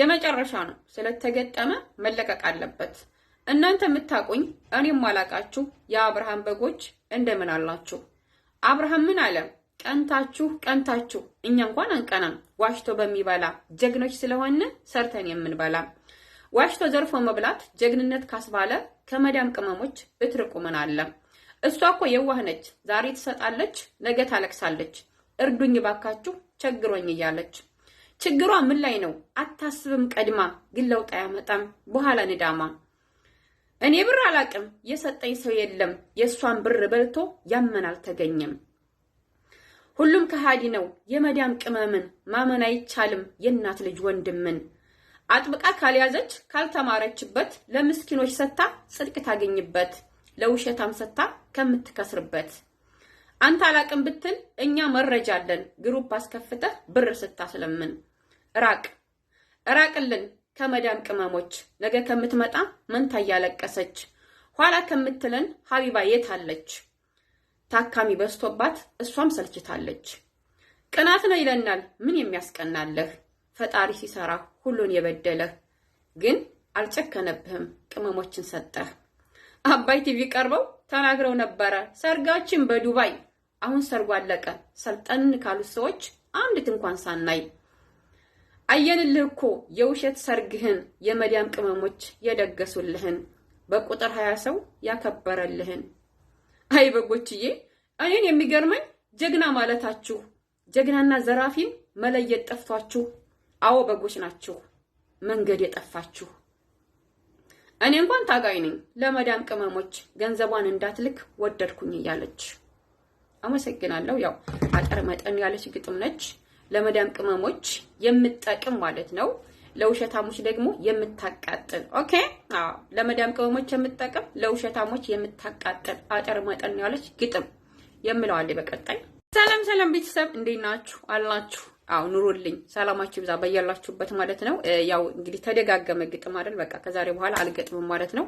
የመጨረሻ ነው። ስለተገጠመ መለቀቅ አለበት። እናንተ የምታቁኝ እኔም ማላቃችሁ የአብርሃም በጎች እንደምን አላችሁ? አብርሃም ምን አለ? ቀንታችሁ ቀንታችሁ፣ እኛ እንኳን አንቀናም። ዋሽቶ በሚበላ ጀግኖች ስለሆነ ሰርተን የምንበላ ዋሽቶ ዘርፎ መብላት ጀግንነት ካስባለ ከመዳም ቅመሞች ብትርቁ ምን አለ? እሷ እኮ የዋህ ነች። ዛሬ ትሰጣለች፣ ነገ ታለቅሳለች። እርዱኝ ባካችሁ ቸግሮኝ እያለች ችግሯ ምን ላይ ነው? አታስብም ቀድማ፣ ግን ለውጥ አያመጣም በኋላ ንዳማ። እኔ ብር አላቅም የሰጠኝ ሰው የለም፣ የእሷን ብር በልቶ ያመን አልተገኘም። ሁሉም ከሃዲ ነው የመዳም ቅመምን፣ ማመን አይቻልም የእናት ልጅ ወንድምን። አጥብቃ ካልያዘች ካልተማረችበት፣ ለምስኪኖች ሰታ ጽድቅ ታገኝበት፣ ለውሸታም ሰታ ከምትከስርበት። አንተ አላቅም ብትል እኛ መረጃ አለን፣ ግሩፕ አስከፍተህ ብር ስታስለምን ራቅ ራቅልን ከመዳም ቅመሞች ነገ ከምትመጣ መንታ እያለቀሰች ኋላ ከምትለን ሀቢባ የት አለች? ታካሚ በዝቶባት እሷም ሰልችታለች። ቅናት ነው ይለናል ምን የሚያስቀናለህ? ፈጣሪ ሲሰራ ሁሉን የበደለህ ግን አልጨከነብህም ቅመሞችን ሰጠህ። አባይ ቲቪ ቀርበው ተናግረው ነበረ ሰርጋችን በዱባይ አሁን ሰርጉ አለቀ። ሰልጠን ካሉት ሰዎች አንዲት እንኳን ሳናይ አየንልህ እኮ የውሸት ሰርግህን የመዲያም ቅመሞች የደገሱልህን በቁጥር ሀያ ሰው ያከበረልህን። አይ በጎችዬ፣ እኔን የሚገርመኝ ጀግና ማለታችሁ ጀግናና ዘራፊን መለየት ጠፍቷችሁ። አዎ በጎች ናችሁ መንገድ የጠፋችሁ። እኔ እንኳን ታጋይ ነኝ ለመዳም ቅመሞች ገንዘቧን እንዳትልክ ወደድኩኝ እያለች። አመሰግናለሁ። ያው አጠር መጠን ያለች ግጥም ነች። ለመዳም ቅመሞች የምትጠቅም ማለት ነው። ለውሸታሞች ደግሞ የምታቃጥል ኦኬ። አዎ ለመዳም ቅመሞች የምትጠቅም ለውሸታሞች የምታቃጥል አጠር መጠን ያለች ግጥም የምለዋል። በቀጣይ። ሰላም ሰላም ቤተሰብ እንዴት ናችሁ? አላችሁ አው ኑሮልኝ ሰላማችሁ ብዛ በያላችሁበት ማለት ነው። ያው እንግዲህ ተደጋገመ ግጥም አይደል? በቃ ከዛሬ በኋላ አልገጥምም ማለት ነው።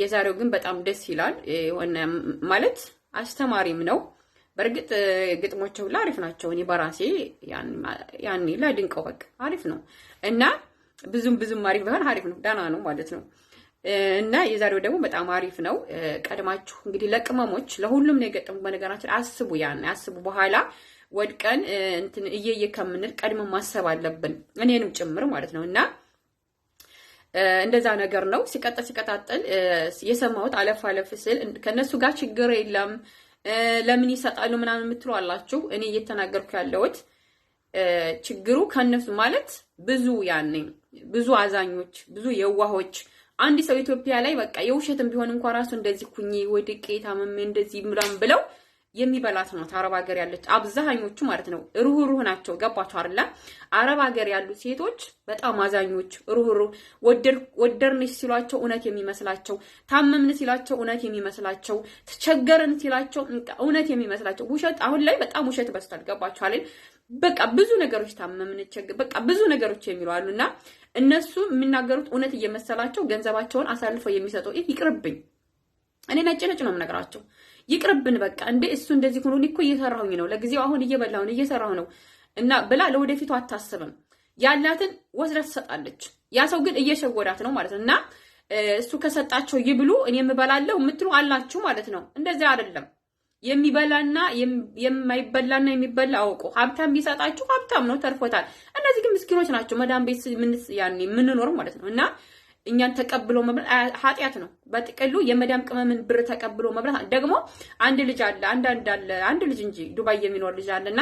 የዛሬው ግን በጣም ደስ ይላል የሆነ ማለት አስተማሪም ነው። በእርግጥ ግጥሞች ሁላ አሪፍ ናቸው። እኔ በራሴ ያኔ ለድንቀው በቃ አሪፍ ነው እና ብዙም ብዙም አሪፍ ቢሆን አሪፍ ነው ዳና ነው ማለት ነው። እና የዛሬው ደግሞ በጣም አሪፍ ነው። ቀድማችሁ እንግዲህ ለቅመሞች ለሁሉም ነው የገጠሙ። በነገራችን አስቡ፣ ያን አስቡ። በኋላ ወድቀን እንትን እየየ ከምንል ቀድመን ማሰብ አለብን፣ እኔንም ጭምር ማለት ነው እና እንደዛ ነገር ነው። ሲቀጥል ሲቀጣጠል የሰማሁት አለፍ አለፍ ስል ከእነሱ ጋር ችግር የለም ለምን ይሰጣሉ ምናምን የምትሉ አላችሁ። እኔ እየተናገርኩ ያለሁት ችግሩ ከነሱ ማለት ብዙ ያኔ ብዙ አዛኞች፣ ብዙ የዋሆች አንድ ሰው ኢትዮጵያ ላይ በቃ የውሸትም ቢሆን እንኳን ራሱ እንደዚህ ኩኝ ወድቄ ታመሜ እንደዚህ ምናምን ብለው የሚበላት ናት። አረብ ሀገር ያለች አብዛኞቹ ማለት ነው ሩህሩህ ናቸው። ገባቸው አይደለ? አረብ ሀገር ያሉ ሴቶች በጣም አዛኞች፣ ሩህሩህ ወደርንሽ ሲሏቸው እውነት የሚመስላቸው፣ ታመምን ሲላቸው እውነት የሚመስላቸው፣ ተቸገርን ሲላቸው እውነት የሚመስላቸው። ውሸት አሁን ላይ በጣም ውሸት በስቷል። ገባቸው አይደል? በቃ ብዙ ነገሮች ታመምን፣ ቸገር፣ በቃ ብዙ ነገሮች የሚሉ አሉ እና እነሱ የሚናገሩት እውነት እየመሰላቸው ገንዘባቸውን አሳልፈው የሚሰጠው ይቅርብኝ። እኔ ነጭ ነጭ ነው የምነግራቸው ይቅርብን በቃ እንደ እሱ እንደዚህ ሆኖ እኮ እየሰራሁኝ ነው ለጊዜው አሁን እየበላሁን እየሰራሁ ነው እና ብላ ለወደፊቱ አታስብም። ያላትን ወስዳ ትሰጣለች። ያ ሰው ግን እየሸወዳት ነው ማለት ነው። እና እሱ ከሰጣቸው ይብሉ እኔ የምበላለው የምትሉ አላችሁ ማለት ነው። እንደዚህ አይደለም። የሚበላና የማይበላና የሚበላ አውቁ። ሀብታም ቢሰጣችሁ ሀብታም ነው ተርፎታል። እነዚህ ግን ምስኪኖች ናቸው። መዳም ቤት ምን ያኔ ማለት ነው እና እኛን ተቀብሎ መብላት ኃጢአት ነው። በጥቅሉ የመዳም ቅመምን ብር ተቀብሎ መብላት ደግሞ አንድ ልጅ አለ አንድ አንድ አለ አንድ ልጅ እንጂ ዱባይ የሚኖር ልጅ አለና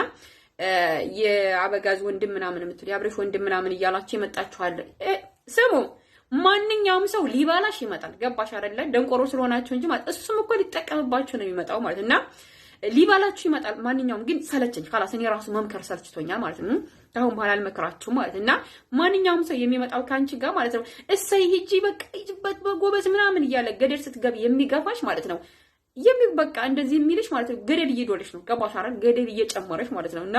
የአበጋዝ ወንድም ምናምን የምትሉ የአብሬሽ ወንድም ምናምን እያላችሁ ይመጣችኋል። ስሙ ማንኛውም ሰው ሊባላሽ ይመጣል። ገባሽ አይደለ? ደንቆሮ ስለሆናችሁ እንጂ ማለት እሱም እኮ ሊጠቀምባችሁ ነው የሚመጣው ማለት እና ሊባላችሁ ይመጣል። ማንኛውም ግን ሰለቸኝ ካላስ እኔ ራሱ መምከር ሰልችቶኛል ማለት ነው። አሁን በኋላ አልመክራችሁ ማለት እና ማንኛውም ሰው የሚመጣው ከአንቺ ጋር ማለት ነው። እሰይ ሂጂ በቃ ሂጂበት በጎበዝ ምናምን እያለ ገደል ስትገቢ የሚገፋሽ ማለት ነው የሚበቃ እንደዚህ የሚልሽ ማለት ነው። ገደል እየዶለሽ ነው። ገባሽ አይደል? ገደል እየጨመረሽ ማለት ነው እና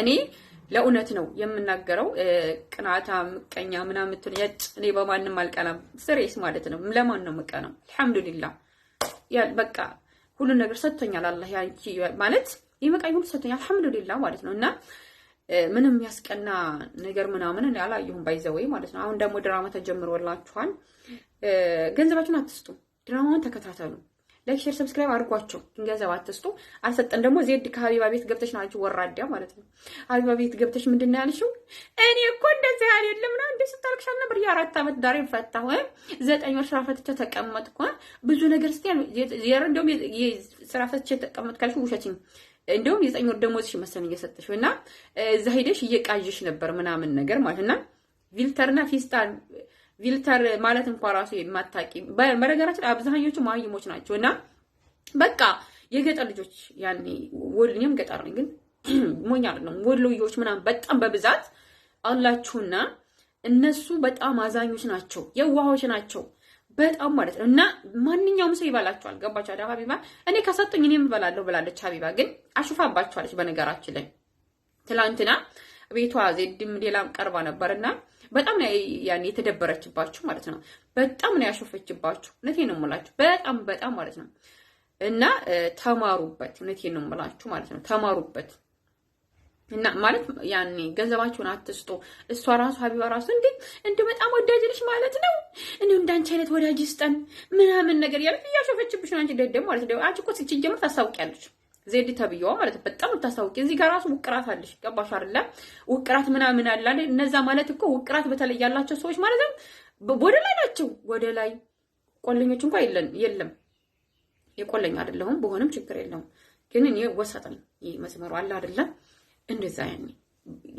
እኔ ለእውነት ነው የምናገረው። ቅናታ፣ ምቀኛ ምናምን የምትሆን ያጭ እኔ በማንም አልቀናም። ስሬስ ማለት ነው ለማን ነው ምቀናው? አልሐምዱሊላህ ያ በቃ ሁሉን ነገር ሰጥቶኛል አላህ ማለት የመቃኝ ሁሉ ሰጥቶኛል አልሐምዱሊላ ማለት ነው። እና ምንም የሚያስቀና ነገር ምናምን አላየሁም ባይዘወይ ማለት ነው። አሁን ደግሞ ድራማ ተጀምሮላችኋል። ገንዘባችሁን አትስጡ፣ ድራማውን ተከታተሉ። ላይክ፣ ሼር፣ ሰብስክራይብ አድርጓቸው። ገንዘብ አትስጡ። አልሰጠን ደግሞ ዜድ ከሀቢባ ቤት ገብተሽ ነው አንቺ ወራዳ ማለት ነው። ሀቢባ ቤት ገብተሽ ምንድን ነው ያልሽው? እኔ እኮ እንደዚህ አይደለም ነው እንደ ስታልክሻል ነበር። የአራት ዓመት ዳሬ ፈታሁ፣ ዘጠኝ ወር ስራ ፈትቼ ተቀመጥኩ። ብዙ ነገር ስ እንደውም ስራ ፈትቼ ተቀመጥኩ ካልሽው ውሸትኝ እንደውም የዘጠኝ ወር ደሞዝሽ መሰለኝ እየሰጠሽው እና እዛ ሄደሽ እየቃዥሽ ነበር ምናምን ነገር ማለት እና ቪልተርና ፊስታል ቪልተር ማለት እንኳን ራሱ የማታቂ በነገራችን አብዛኞቹ መሀይሞች ናቸው። እና በቃ የገጠር ልጆች ያኔ ወልኔም ገጠር ነኝ ግን ሞኛ አይደለም። ወሎዮች ምናምን በጣም በብዛት አላችሁና እነሱ በጣም አዛኞች ናቸው፣ የዋሆች ናቸው በጣም ማለት ነው። እና ማንኛውም ሰው ይበላቸዋል። ገባችሁ አይደል? ሀቢባ እኔ ከሰጡኝ እኔም እበላለሁ ብላለች ሀቢባ። ግን አሹፋባቸዋለች በነገራችን ላይ ትላንትና ቤቷ ዜድም ሌላም ቀርባ ነበር እና በጣም ነው ያኔ የተደበረችባችሁ ማለት ነው። በጣም ነው ያሾፈችባችሁ። እውነቴን ነው የምላችሁ በጣም በጣም ማለት ነው። እና ተማሩበት። እውነቴን ነው የምላችሁ ማለት ነው። ተማሩበት እና ማለት ያኔ ገንዘባችሁን አትስጡ። እሷ ራሱ ሀቢባ ራሱ እንዴ እንዲ በጣም ወዳጅ ልጅ ማለት ነው እንዲ እንዳንቺ አይነት ወዳጅ ይስጠን ምናምን ነገር ያለች እያሾፈችብሽ ነው። አንቺ ደደብ ማለት ደ አንቺ እኮ ሲጀምር ታሳውቂያለች ዜድ ተብዬዋ ማለት ነው። በጣም ታስታውቂ እዚህ ጋር ራሱ ውቅራት አለሽ። ገባሽ አይደለ? ውቅራት ምናምን አለ አይደል? እነዛ ማለት እኮ ውቅራት በተለይ ያላቸው ሰዎች ማለት ነው ወደ ላይ ናቸው። ወደ ላይ ቆለኞች እንኳ የለም። የቆለኝ አይደለሁም፣ በሆንም ችግር የለውም። ግን እኔ ወሰጥ ነኝ። መስመሩ አለ አይደለ? እንደዛ ያኔ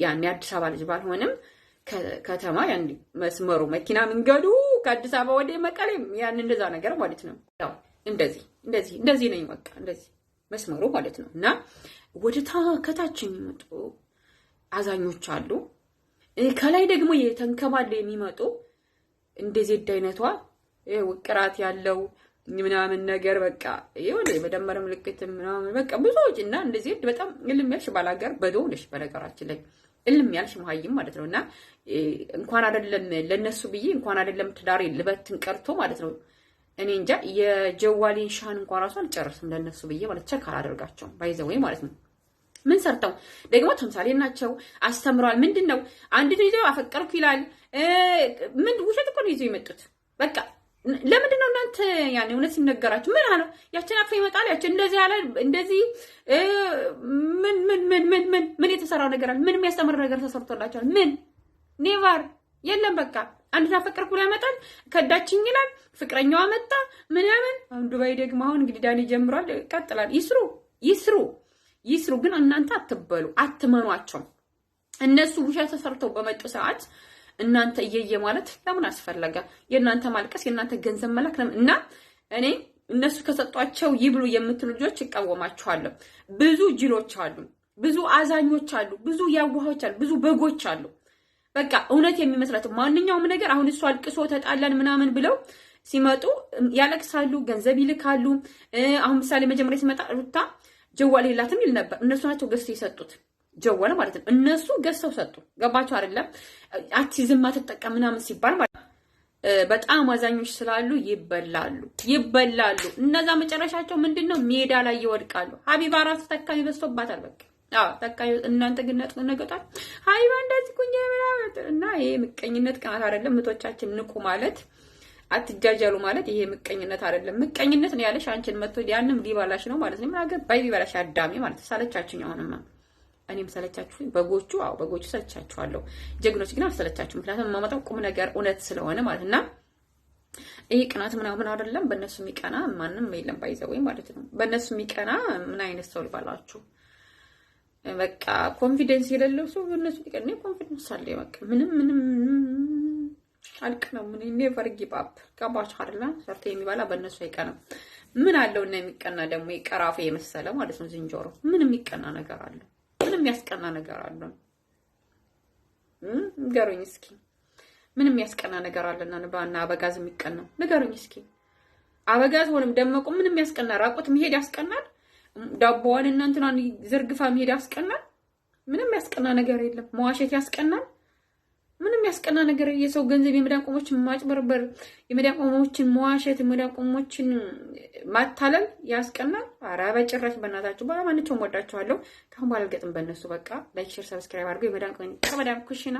ያኔ አዲስ አበባ ልጅ ባልሆንም ከተማ ያን መስመሩ መኪና መንገዱ ከአዲስ አበባ ወደ መቀሌም ያን እንደዛ ነገር ማለት ነው። ያው እንደዚህ እንደዚህ እንደዚህ ነኝ በቃ እንደዚህ መስመሩ ማለት ነው። እና ወደ ከታች የሚመጡ አዛኞች አሉ። ከላይ ደግሞ የተንከባለ የሚመጡ እንደ ዜድ አይነቷ ውቅራት ያለው ምናምን ነገር በቃ ይሁን የመደመር ምልክት ምናምን በቃ ብዙዎች እና እንደ ዜድ በጣም እልም ያልሽ ባላገር በደውልሽ በነገራችን ላይ እልም ያልሽ መሀይም ማለት ነው እና እንኳን አይደለም ለነሱ ብዬ እንኳን አይደለም ትዳሬ ልበትን ቀርቶ ማለት ነው እኔ እንጃ የጀዋሌን ሻን እንኳን ራሱ አልጨርስም ለነሱ ብዬ ማለት ቸክ አላደርጋቸውም። ባይዘ ወይ ማለት ነው። ምን ሰርተው ደግሞ ተምሳሌ ናቸው። አስተምረዋል። ምንድን ነው አንድ ይዞ አፈቀርኩ ይላል። ምን ውሸት እኮ ነው ይዞ የመጡት። በቃ ለምንድን ነው እናንተ ያን እውነት ሲነገራችሁ ምን አለው? ያችን አፈ ይመጣል ያችን እንደዚህ ያለ እንደዚህ ምን ምን ምን ምን ምን ምን የተሰራው ነገር አለ? ምን የሚያስተምር ነገር ተሰርቶላቸዋል? ምን ኔቫር የለም በቃ አንድና ፍቅር ብሎ ያመጣል ከዳችኝ ይላል። ፍቅረኛዋ መጣ ምናምን። አሁን ዱባይ ደግሞ አሁን እንግዲህ ዳኒ ጀምሯል። ይቀጥላል። ይስሩ ይስሩ ይስሩ። ግን እናንተ አትበሉ፣ አትመኗቸው። እነሱ ውሻ ተሰርተው በመጡ ሰዓት እናንተ እየየ ማለት ለምን አስፈለገ? የእናንተ ማልቀስ፣ የእናንተ ገንዘብ መላክ ለምን እና እኔ እነሱ ከሰጧቸው ይብሉ የምትሉ ልጆች ይቃወማችኋለሁ። ብዙ ጅሎች አሉ፣ ብዙ አዛኞች አሉ፣ ብዙ ያዋሆች አሉ፣ ብዙ በጎች አሉ። በቃ እውነት የሚመስላት ማንኛውም ነገር አሁን እሱ አልቅሶ ተጣላን ምናምን ብለው ሲመጡ ያለቅሳሉ፣ ገንዘብ ይልካሉ። አሁን ምሳሌ መጀመሪያ ሲመጣ ሩታ ጀዋል የላትም ይል ነበር። እነሱ ናቸው ገዝተው የሰጡት ጀዋል ማለት ነው። እነሱ ገዝተው ሰጡ። ገባቸው አይደለም? አቲዝም አትጠቀም ምናምን ሲባል ማለት በጣም አዛኞች ስላሉ ይበላሉ ይበላሉ። እነዛ መጨረሻቸው ምንድን ነው? ሜዳ ላይ ይወድቃሉ። ሀቢባ ራሱ ተካሚ በዝቶባታል በቃ አዎ በቃ እናንተ ግን ነጥ ነገጣል ሀይባ እንደዚህ ኩኝ ምናምን እና ይሄ ምቀኝነት ቅናት አይደለም። ምቶቻችን ንቁ ማለት አትጃጃሉ ማለት ይሄ ምቀኝነት አይደለም። ምቀኝነት ነው ያለሽ አንቺን መጥቶ ያንም ሊባላሽ ነው ማለት ነው። ምን ባይ ሊባላሽ አዳሚ ማለት ሳለቻችሁኝ። አሁንማ እኔም ሰለቻችሁ በጎቹ። አዎ በጎቹ ሰለቻችኋለሁ። ጀግኖች ግን አልሰለቻችሁ። ምክንያቱም የማመጣው ቁም ነገር እውነት ስለሆነ ማለት እና ይሄ ቅናት ምናምን አይደለም። በእነሱ የሚቀና ማንም የለም። ባይዘወይ ማለት ነው። በእነሱ የሚቀና ምን አይነት ሰው ልባላችሁ በቃ ኮንፊደንስ የሌለው ሰው በእነሱ ሊቀ ኮንፊደንስ አለ። በቃ ምንም ምንም አልቅ ነው። ምን ኔቨር ጊቭ አፕ ገባች አይደለ? ሰርተ የሚበላ በእነሱ አይቀንም። ምን አለው እና የሚቀና ደግሞ ቀራፌ የመሰለ ማለት ነው ዝንጀሮ። ምን የሚቀና ነገር አለ? ምን የሚያስቀና ነገር አለ? ንገሩኝ እስኪ። ምን የሚያስቀና ነገር አለና ንባና አበጋዝ የሚቀናው ንገሩኝ እስኪ። አበጋዝ ሆንም ደመቁ ምን የሚያስቀና ራቁት መሄድ ያስቀናል? ዳቦዋን እና ዘርግፋ መሄድ ያስቀናል? ምንም ያስቀና ነገር የለም። መዋሸት ያስቀናል? ምንም ያስቀና ነገር የሰው ገንዘብ የመዳን ቆሞችን ማጭበርበር፣ የመዳን ቆሞችን መዋሸት፣ የመዳን ቆሞችን ማታለል ያስቀናል? ኧረ በጭራሽ በእናታችሁ። በማንቸውም ወዳችኋለሁ። ካሁን ባላልገጥም በእነሱ በቃ። ላይክ፣ ሼር፣ ሰብስክራይብ አድርገው የመዳን ቆሜ ከመዳን ኩሽና